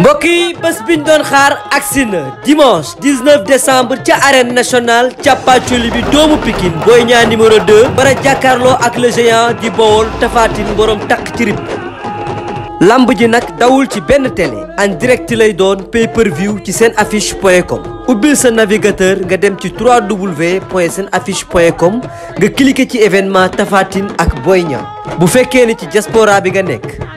mbokk yi bi biñ doon xaar agsi na dimanche 19 décembre ca arène nationale càppaacoli bi doomu Pikine Boy Niang numéro 2 bara jàkkaarloo ak le géant di Bawol tafaatin Tine boroom takk ci rib ji nag dawul ci benn télé en direct lay doon pay per ci seen affiche point com ubbil sa navigateur nga dem ci 3w point seen affiche point com nga cliqué ci événement Tapha Tine ak Boy bu fekkee ni ci diaspora bi nga nekk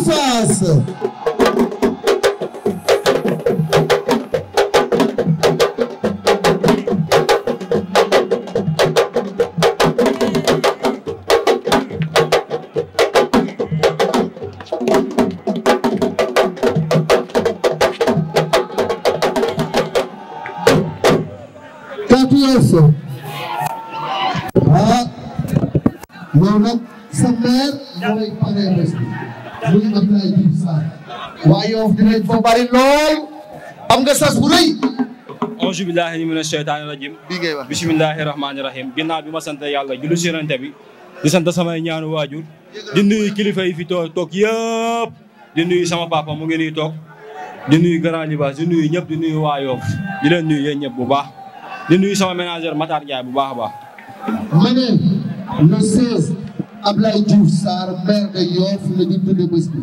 surface. ah loolu nag sa mère mooy paree bés bi muy Abdoulaye Diouf Sarr waa bari lool am nga sas bu rëy auzu billahi mina sheytaani rajim bi ngay wax bismillahi rahmaani bi ma sant yàlla jilu si bi di sant samay ñaanu waajur di nuyu kilifa yi fi toog toog yëpp di sama papa mu ngi nii toog di nuyu grand ñëpp di nuyu waa Yoff di leen nuyu bu baax di nuyu sama ménagère Matar Ndiaye bu baax a Ablaye Diouf Sarr maire de Yoff la ñu tuddee bés bi.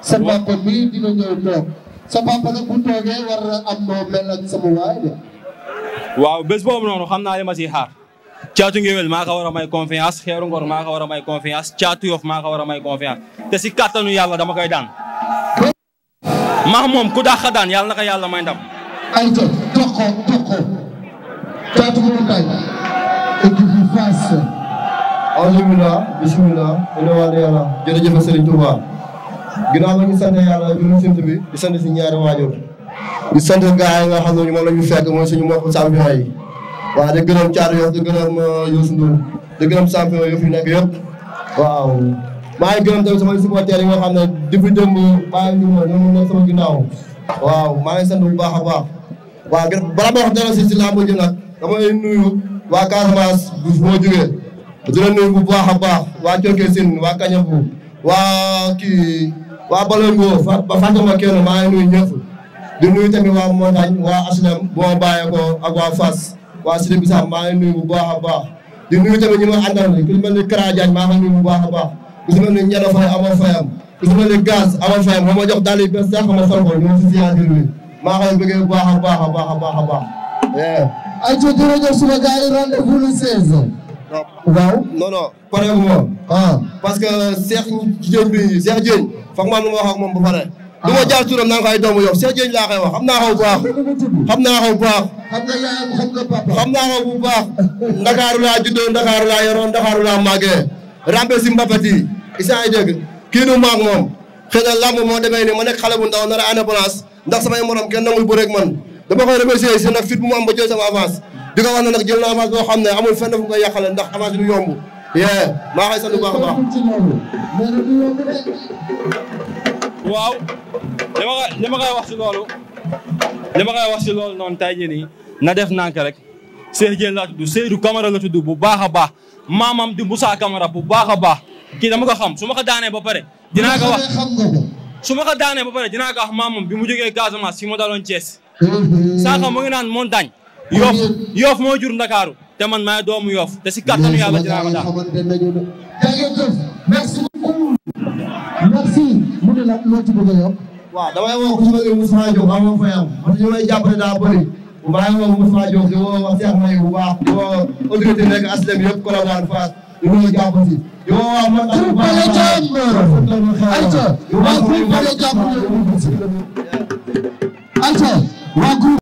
sa papa mii dina ñëw toog sa papa nag bu toogee war na am noo mel ak sama waay de. waaw bés boobu noonu xam naa li ma siy xaar. caatu ngéwél maa ko war a may confiance xeeru ngor maa ko war a may confiance caatu yof maa ko war a may confiance te si kàttanu yàlla dama koy daan. max moom ku dàq daan yàlla na ko yàlla may ndam. ay jot toqoo toqoo. caatu ngéwél kay. équipe bi face. alhamdulilah bisimilah inewaane yàlla jërëjëf Serigne Touba ginnaaw ma ñu sant yàlla ñu ngi sant bi di sant si ñaari waajur di sant gaay yi nga xam ne moom la ñu fekk mooy suñu mbokk champion yi waaw di gërëm Thiatou Yoff di uh, di gërëm champion yi fi nekk yëpp waaw maa ngi gërëm tamit sama supporter yi nga xam ne depuis maa ngi ñu ñoom nekk sama ginnaaw waaw maa ngi sant bu baax a baax waaw bala ma wax dara si si làmb ji nag damay nuyu ma jógee di la nuyu bu baax a baax waa Thioké Sine waa Kañabu waa ki waa Balongo ba fàttama kenn maa ngi nuyu ñëpp di nuyu tamit waa Montagne waa Aslem bu ma bàyyeekoo ak waa Fass waa Sidi Bissam maa ngi bu baax baax di nuyu tamit ñu ma àndal ku ci mel ni Kara Diagne maa ngi bu baax baax ku ci mel ni Ñada Faye Ama Fayam ku ci mel ni Gaz Ama Fayam moo ma jox daal di bees sax ma sol ko ñoom si siyaasir bi maa ngi bëggee bu baax a baax a baax a baax a baax. ay jërëjëf suma gars yi rendez-vous le waaw non non pare wu ah. parce que Cheikh Dieng bi Cheikh Dieng. foog ma wax ak moom ba pare. ah du ma jaar turam naa ko ay doomu yow Cheikh Dieng laa koy xam naa ko baax. xam naa bu baax. xam nga yaayam xam nga papa. xam naa ko bu baax. Ndakaaru laa juddoo Ndakaaru laa yoroon Ndakaaru laa màggee. rampe si mbapat yi. isaan moom. xëy na làmb moo demee ma nekk xale bu ndaw nar a indépendance ndax samay morom kenn nangul bëreeg man dama koy remercier si nag fit bu mu am ba jël sama avance. di ko wax ne nag jël na avance boo xam ne amul fenn fu koy yàqale ndax avance du yomb yee maa xay sant bu baax a baax waaw li ma li ma wax si loolu li ma wax si loolu noonu tey na def nànk rek Cheikh Diène laa tudd Seydou Camara la tudd bu baax a baax maamam di Moussa Camara bu baax a baax kii dama ko xam su ma ko daanee ba pare dinaa ko wax su ma ko daanee ba pare dinaa ko wax maamam bi mu jógee Casamance fi mu daloon Thiès saaka mu ngi naan montagne yoof yoof moo jur ndakaaru te man maay doomu yoof te si kàttanu yàlla dinaa ko daan merci beaucoup merci mu ne la loo ci bëgg a yokk waaw damay woo ku ci bëgg Moussa Diop amoo fa yam parce que ñu may jàppale daa bëri maa ngi woo Moussa Diop di woo wax Cheikh May bu baax di woo autorité nekk aslem yëpp Colobane Fass di woo jàpp si di woo waa man tur bale jàmm ayca waa groupe bale jàpp ayca waa groupe